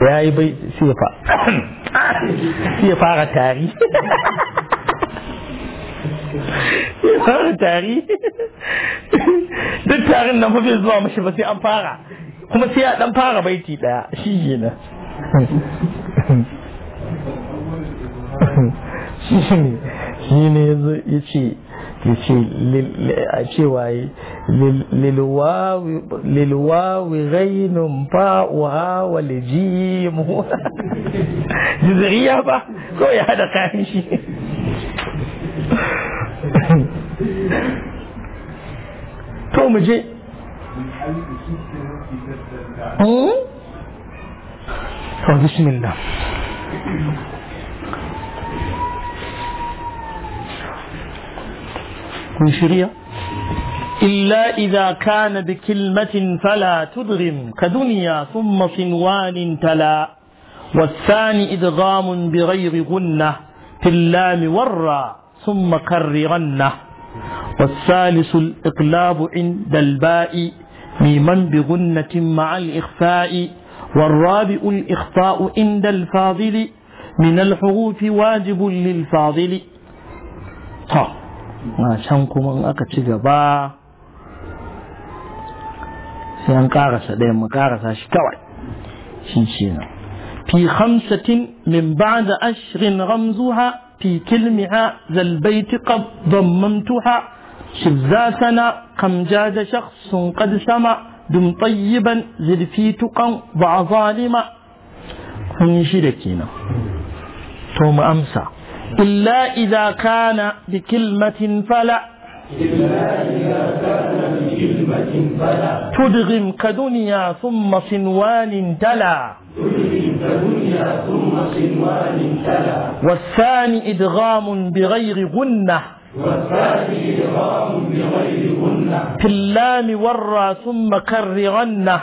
ya yi bai sai fara tari ya fara tari duk tarin nan mafi zuwa mashi ba sai an fara kuma sai ya dan fara baiti daya shi na shi ne ya ce yace cewa lilwawi ghainun fa'uha wa lijimu jizriya ba ko ya hada kayan shi to mu je to bismillah من شريعة إلا إذا كان بكلمة فلا تدغم كدنيا ثم صنوان تلا والثاني إدغام بغير غنة في اللام ورا ثم كررنه والثالث الإقلاب عند الباء ميما بغنة مع الإخفاء والرابع الإخفاء عند الفاضل من الحروف واجب للفاضل طب. a can kuma in aka ci gaba sai an karasa ɗaya mu karasa shi kawai shi ce na fi khamsatin min ba'da ashrin ramzuha في كلمها ذا البيت قد ضممتها شذاتنا كم جاد شخص قد سمع دم طيبا زد في تقى ضع ظالما kun shi da kenan to mu amsa إلا إذا كان بكلمة فلا إلا إذا كان بكلمة فلا تدغم كدنيا ثم صنوان تلا تدغم كدنيا ثم صنوان والثاني إدغام بغير غنة والثاني إدغام بغير غنة في اللام ورى ثم كررنه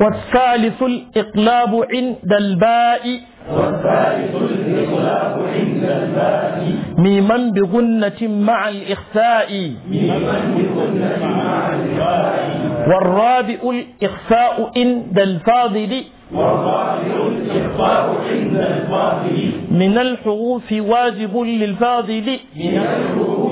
والثالث الإقلاب عند الباء الإغلاق عند الباء ميمن بغنة مع الإخفاء مع والرابع الإخفاء عند الفاضل والرابع الإخفاء عند الفاضل من الحروف واجب للفاضل من الحروف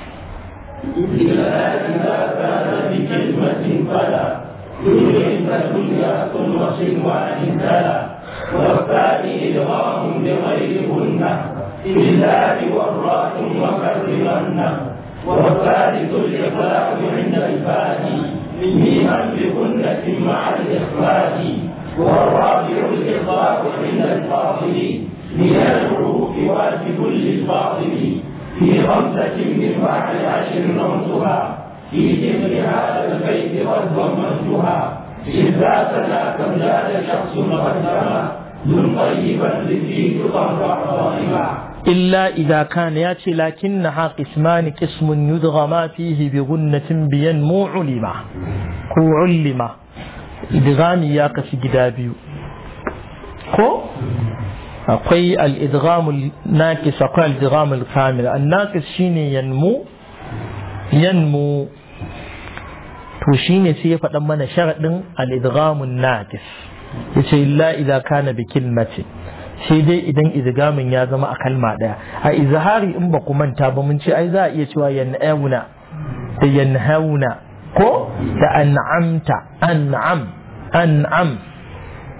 إلا إذا كان بكلمة فلا دنيا فدنيا ثم صنوان فلا والثاني إلغام لغيرهن بالله بوراء وكرمن والثالث الإخلاق عند في أمر بكنة مع الإخفاء والرابع الإخلاق عند الفاضل من الحروف واجب للفاضل في خمسة من واحد عشر نوتها في جمع هذا البيت قد ضمنتها شفاتنا كم زاد شخص مقدما من طيبا لذيك قهر عظيما إلا إذا كان ياتي لكنها قسمان قسم يدغما فيه بغنة بين مو علما كو علما إدغامي يا قسي جدابيو كو akwai al-idghamul naqis akwai al kamil an shi ne yanmu yanmu to ne sai ya faɗa mana sharaɗin al-idghamun ya ce illa idza kana bi kalmati sai dai idan idgamin ya zama a kalma ɗaya a izhari in ba ku manta ba mun ce ai za a iya cewa yan'auna da yanhauna ko da an'amta an'am an'am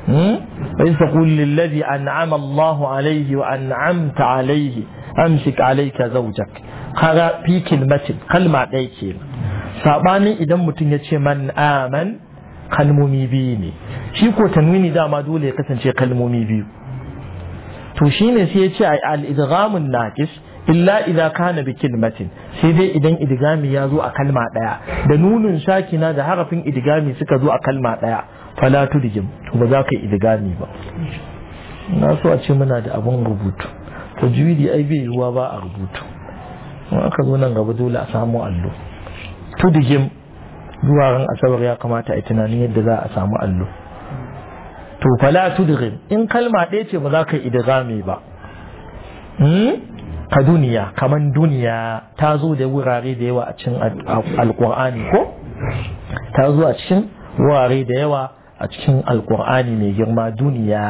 وإذ تقول للذي أنعم الله عليه وأنعمت عليه أمسك عليك زوجك kaga fi kilmatin kalma ɗaya ke saɓanin idan mutum ya ce man aman kalmomi biyu ne shi ko tanwini dama dole ya kasance kalmomi biyu to shi ne sai ya ce al-idghamun naqis illa idza kana bi kilmatin sai dai idan idgami ya zo a kalma ɗaya da nunun sakina da harafin idgami suka zo a kalma ɗaya fala tudjim to ba za ka yi ba na so a ce muna da abun rubutu juwidi ai bai ruwa ba a rubutu in aka zo nan gaba dole a samu allo tudjim zuwa ran asabar ya kamata a yi tunanin yadda za a samu allo to fala tudghim in kalma ɗaya ce ba za ka idigami ba hmm? ka duniya kaman duniya ta zo da wurare da yawa a cikin alkur'ani ko ta zo a cikin wurare da yawa a cikin alkur'ani mai girma duniya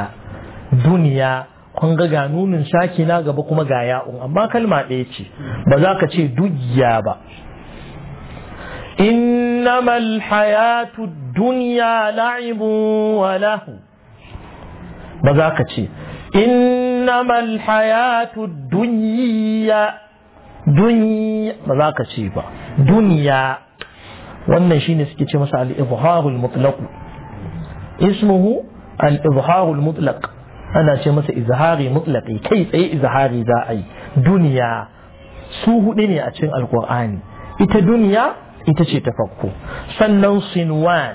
duniya kun ga ga nunin saki na gaba kuma ga ya'un amma kalma ɗaya ce ba za ka ce dukiya ba إنما الحياة الدنيا لعب hayatu بذاك duniya. ba za ka ce ba, duniya. wannan shine suke ce masa al-ibharul mutlaq ismuhu al-izharul mutlaq ana ce masa izhari mutlaqi kai tsaye izhari za a yi duniya su hudu ne a cikin alkur'ani ita duniya ita ce ta farko sannan sinwan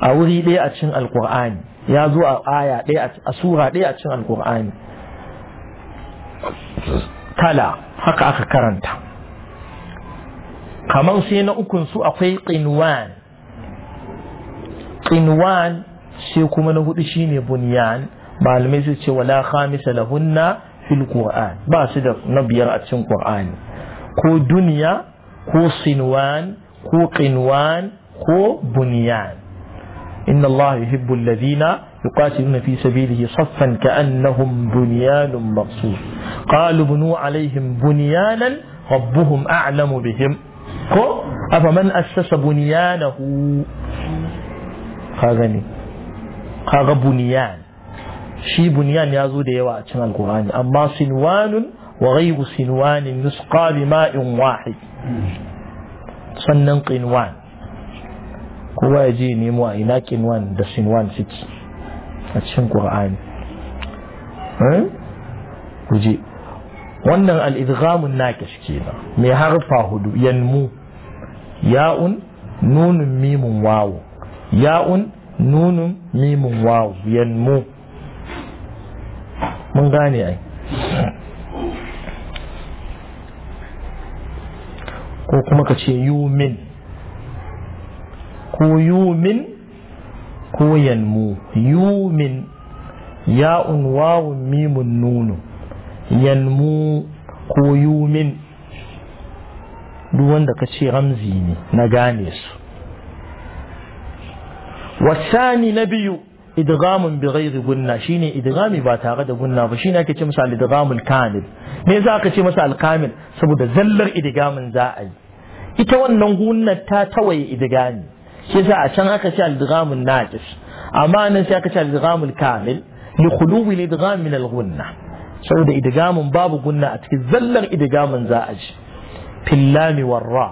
a wuri ɗaya a cikin alkur'ani ya zo a aya ɗaya a sura ɗaya a cikin alkur'ani kala haka aka karanta kamar sai na ukun su akwai qinwan qinwan sai kuma na hudu shine bunyan malamai su ce wala khamisa lahunna fil qur'an ba su da na biyar a cikin qur'ani ko duniya ko sinwan ko qinwan ko bunyan inna allaha yuhibbu alladhina يقاتلون في سبيله صفا كأنهم بنيان مرصوص قالوا بنوا عليهم بنيانا ربهم أعلم بهم أفمن أسس بنيانه ka kaga buniyan shi buniyan ya zo da yawa a cikin alkur'ani amma sinwanun wa ghayru sinwanin yusqa bi ma'in wahid sannan qinwan kowa ya je nemo a ina qinwan da sinwan suke a cikin qur'ani eh? kuje wannan al-idghamun nakish kenan mai harfa hudu yanmu ya'un nunun mimun wawu ya'un nunun mimun waw yanmu mun gane ai ko kuma ka ce yumin ko yumin ko yanmu yumin ya'un wawun mimun nunu yanmu ko yumin duk wanda ka ce ramzi ne na gane su wasani na biyu idgamun birairi gunna shine idgami ba tare da gunna ba shine ake ce masa idgamul kamil me za ka ce masa alkamil saboda zallar idigamin za'ayi. ita wannan gunnar ta tawaye idigami shi a can aka ce idgamun naqis amma nan sai aka ce idgamul kamil li khuluwi idgam min gunna saboda idigamin babu gunna a cikin zallar idgamin za a ji warra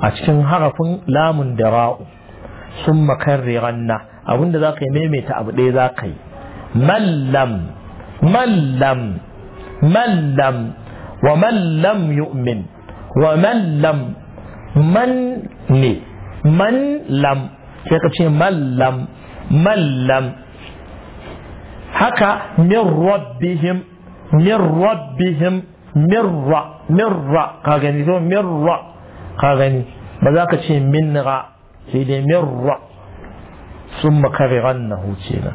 a cikin harafin lamun da sun na abinda za ka yi maimaita abu ɗaya za ka yi mallam mallam mallam wa mallam yu'min wa mallam man ne man lam ka ce mallam mallam haka min rabbihim min rabbihim mirra mirra ka gani zo mirra ka gani ba za ka ce minra sai dai mirra sun makariran na huce na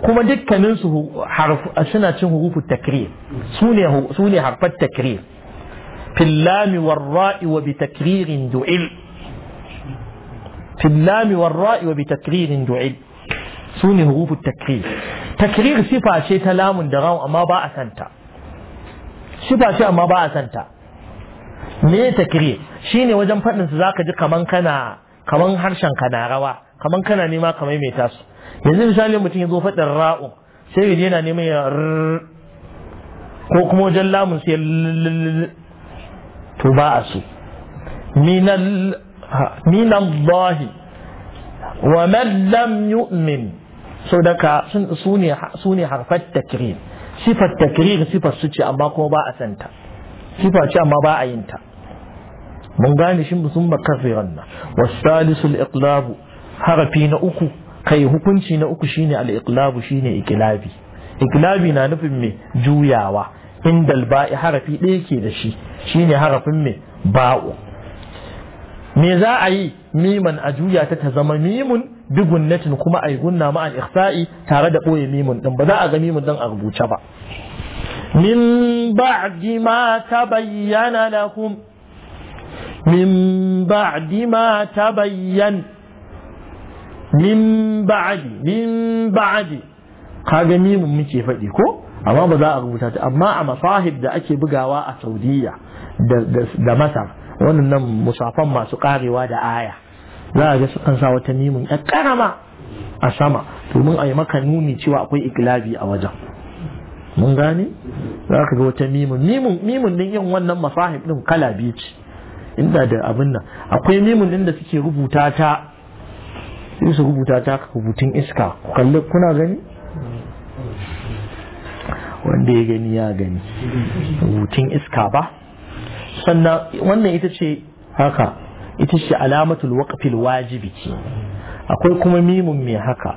kuma dukkanin su suna cin hurufu takrir su ne harfar takrir fillami warra'i wa bi takririn du'il fillami warra'i wa bi takririn du'il su ne hurufu takrir takrir sifa ce ta lamun da rawu amma ba a santa sifa ce amma ba a santa me takrir shine wajen faɗin su zaka ji kaman kana kaman harshen ka na rawa kaman kana nema ka maimaita su yanzu misali mutum ya zo faɗin ra'u sai ya yana neman ya ko kuma wajen lamun sai to ba a so Minan Allah wa man lam yu'min so daga sun sune sune harfat takrir sifat takrir sifar su ce amma kuma ba a santa sifa ce amma ba a yinta. ta mun gane shi sun makafiran nan wasu al iklabu harafi na uku kai hukunci na uku shine al-iqlabu shine Ikilabi. Ikilabi na nufin mai juyawa inda al-ba'i harafi ɗaya ke da shi shine harafin mai ba'u me za a yi miman a juya ta ta zama mimun natin kuma a yi gunna ma'an ikhsa'i tare da ɓoye mimun ɗin ba za a ga mimun ɗin a rubuce ba min ba'di ma tabayyana lahum min بعد ma تبين min بعد من بعد kaga mimun muke faɗi ko amma ba za a rubuta ta amma a masahib da ake bugawa a saudiya da masar wannan musafan masu ƙarewa da aya za a ga su kan sa wata mimun ya karama a sama domin a yi maka nuni cewa akwai ikilabi a wajen mun gane za ka ga wata mimun mimun din yin wannan masahib din kala biyu inda da abin nan akwai memun din da suke rubuta ta sai su rubuta ta rubutun iska kalli kuna gani wanda ya gani ya gani rubutun iska ba sannan wannan ita ce haka ita ce alamatul waqfil wajibi ce akwai kuma mimun mai haka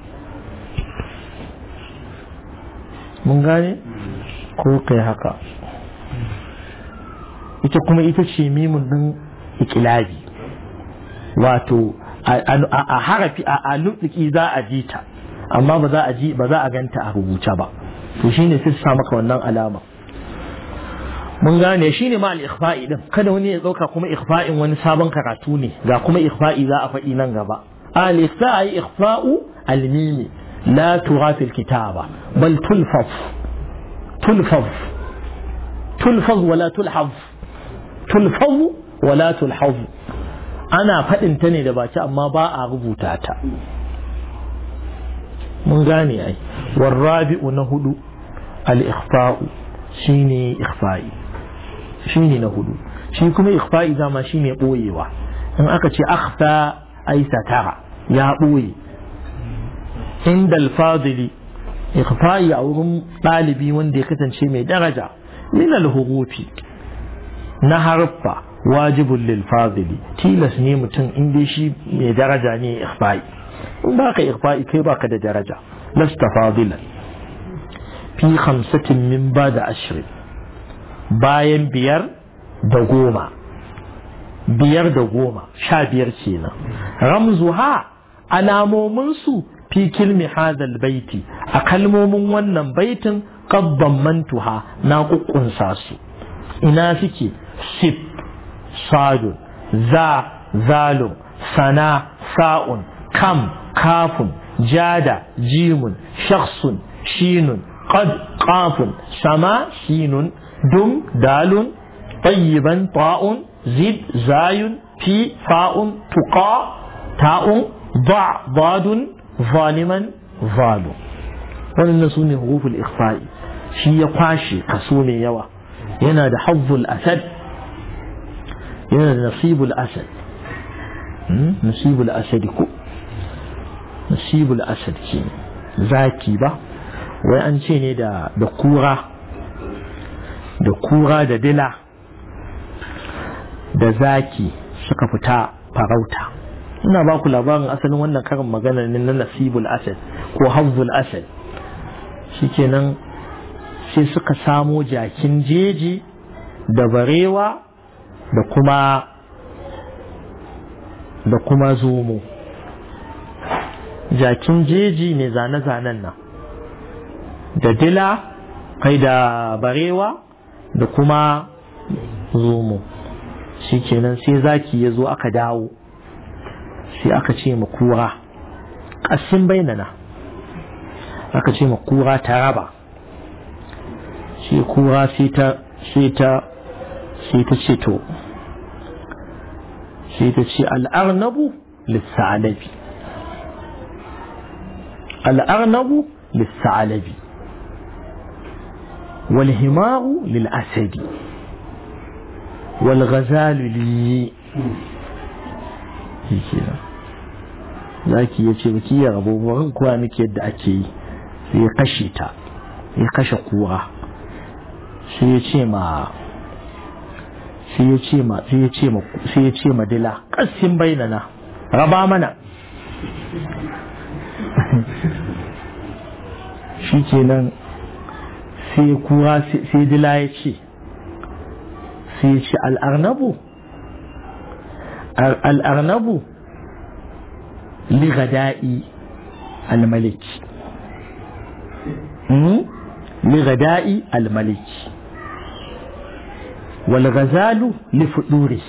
mun gane ko kai haka ita kuma ita ce mimun din ikilabi wato a harafi a nutsuki za a ji ta amma ba za a ji ba za a ganta a rubuce ba to shine sai sa maka wannan alama mun gane shine ma al-ikhfa'i din kada wani ya dauka kuma ikhfa'in wani sabon karatu ne ga kuma ikhfa'i za a faɗi nan gaba al-ikhfa'i ikhfa'u al mim la tughafil kitaba bal tulfaf tulfaf tulfaz wala tulhaf tulfaz walatul haz ana faɗin ta ne da baki amma ba a rubuta ta mun gane ai warrabi'u na hudu al-ikhfa'u shine ikhfa'i shine na hudu shi kuma ikhfa'i dama shine boyewa in aka ce akhfa ai satara ya boye inda al-fadili ikhfa'i a wurin ɗalibi wanda ya kasance mai daraja min al-hurufi na haruffa wajibun lil fadili tilas ne mutum in dai shi mai daraja ne ikhfa'i in baka ikhfa'i kai baka da daraja lasta fadilan fi khamsatin min da ashirin bayan biyar da goma biyar da goma sha biyar kenan ramzuha alamominsu fi kilmi hadal baiti a kalmomin wannan baitin kabban mantuha na ƙuƙƙunsa su ina suke sif صاد ذا ذال سنا ساء كم كاف جاد جيم شخص شين قد قاف سما شين دم دال طيبا طاء زد زاي في فاء تقاء تاء ضع ضاد ظالما ظال wannan su ne huruful ikhfa'i shi ya kwashe kaso mai yawa yana da nasibul asad hmm? nasibul asad ko nasibul asad ce zaki ba wai an ce ne da kura da kura da dila da zaki suka fita farauta ina ba ku labarin asalin wannan karin magana ne na nasibul asad ko hazzul asad shikenan sai suka samo jakin jeji da barewa da kuma da kuma zomo jakin jeji ne zane-zanen nan da dila kai da barewa da kuma zomo shi kenan sai zaki ya zo aka dawo sai aka ce ma kura ƙasin bainana aka ce ma kura ta raba shi kura sai ta سيتشيتو سيتشي الأغنب للثعلبي الأغنب للثعلبي والهماغ للأسد والغزال لي هكذا لكن يجي وكي يغبو وغن كوانك يد أكي في قشيتا في قشقوها sai ya ce ma sai ya ce ma sai ya ce ma dila qasim bainana raba mana shikenan sai kuwa sai dila ya ce sai ya ce al'arnabu al'arnabu li gada'i al-malik hmm? li gada'i al wal ghazalu li fuduri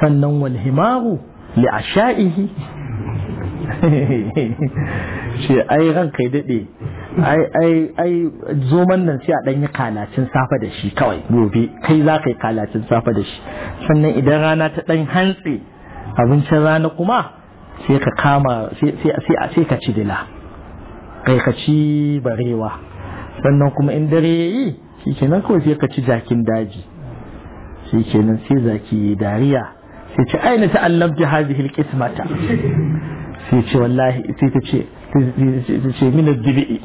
sannan wal himaru li ashaihi ce ai ran kai dade ai ai ai zoman nan sai a dan yi kalacin safa da shi kawai gobe kai za ka yi kalacin safa da shi sannan idan rana ta dan hantsi abincin rana kuma sai ka kama sai ka ci dila kai ka ci barewa sannan kuma in dare yayi shi kenan kawai sai ka ci jakin daji shi kenan sai zaki dariya sai ce aina hazi hadhihi mata. sai ce wallahi sai ta ce ta ce min dibi'i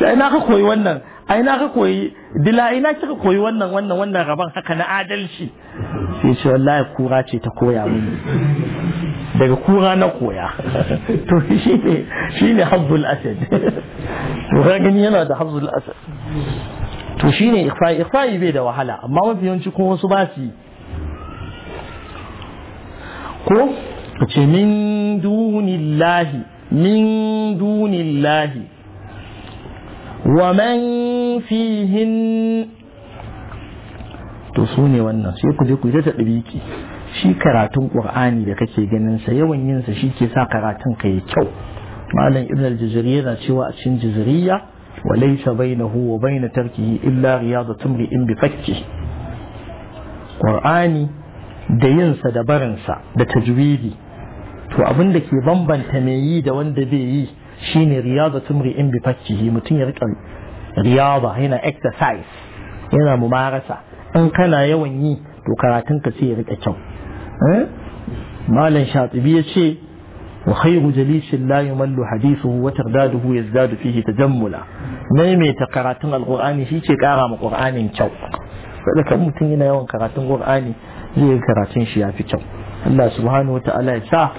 sai aina ka koyi wannan aina ka koyi dila aina kika koyi wannan wannan wannan gaban haka na adalci sai ce wallahi kura ce ta koya mini daga kura na koya to shi ne shi ne asad to gani yana da habbul asad to ne ikhfa'i ikhfa'i bai da wahala amma mafi yawanci kuma wasu ba su ko ce min dunillahi min dunillahi wa man fihin to su ne wannan sai ku je ku ta ɗabiki shi karatun ƙur'ani da kake ganin sa yawan yin sa shi ke sa karatun ka yi kyau malam ibn al-jazari na cewa a cikin jazariya وليس بينه وبين تركه إلا رياضة امرئ بفكه قرآني da yinsa da barinsa da tajwidi to abinda ke bambanta mai yi da wanda bai yi shine riyada tumri'in bi fakkihi mutum ya rika riyada yana exercise yana mumarasa in kana yawan yi to karatun ka sai ya riƙa kyau malam shatibi ya ce وخير جليس لا يمل حديثه وترداده يزداد فيه تجملا نيمي تقراتن القرآن هي شي قارا من قرآن كو فلك متن ينا يوان قراتن قرآن زي قراتن شيا في كو الله سبحانه وتعالى يسا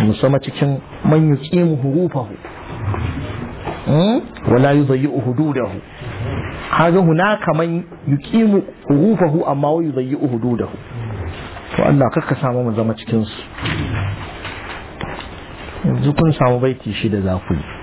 مسمى cikin من يقيم حروفه ولا يضيع حدوده هذا هناك من يقيم حروفه أما ويضيع حدوده والله كك سامو من زما cikin yanzu kun samu baiti da za ku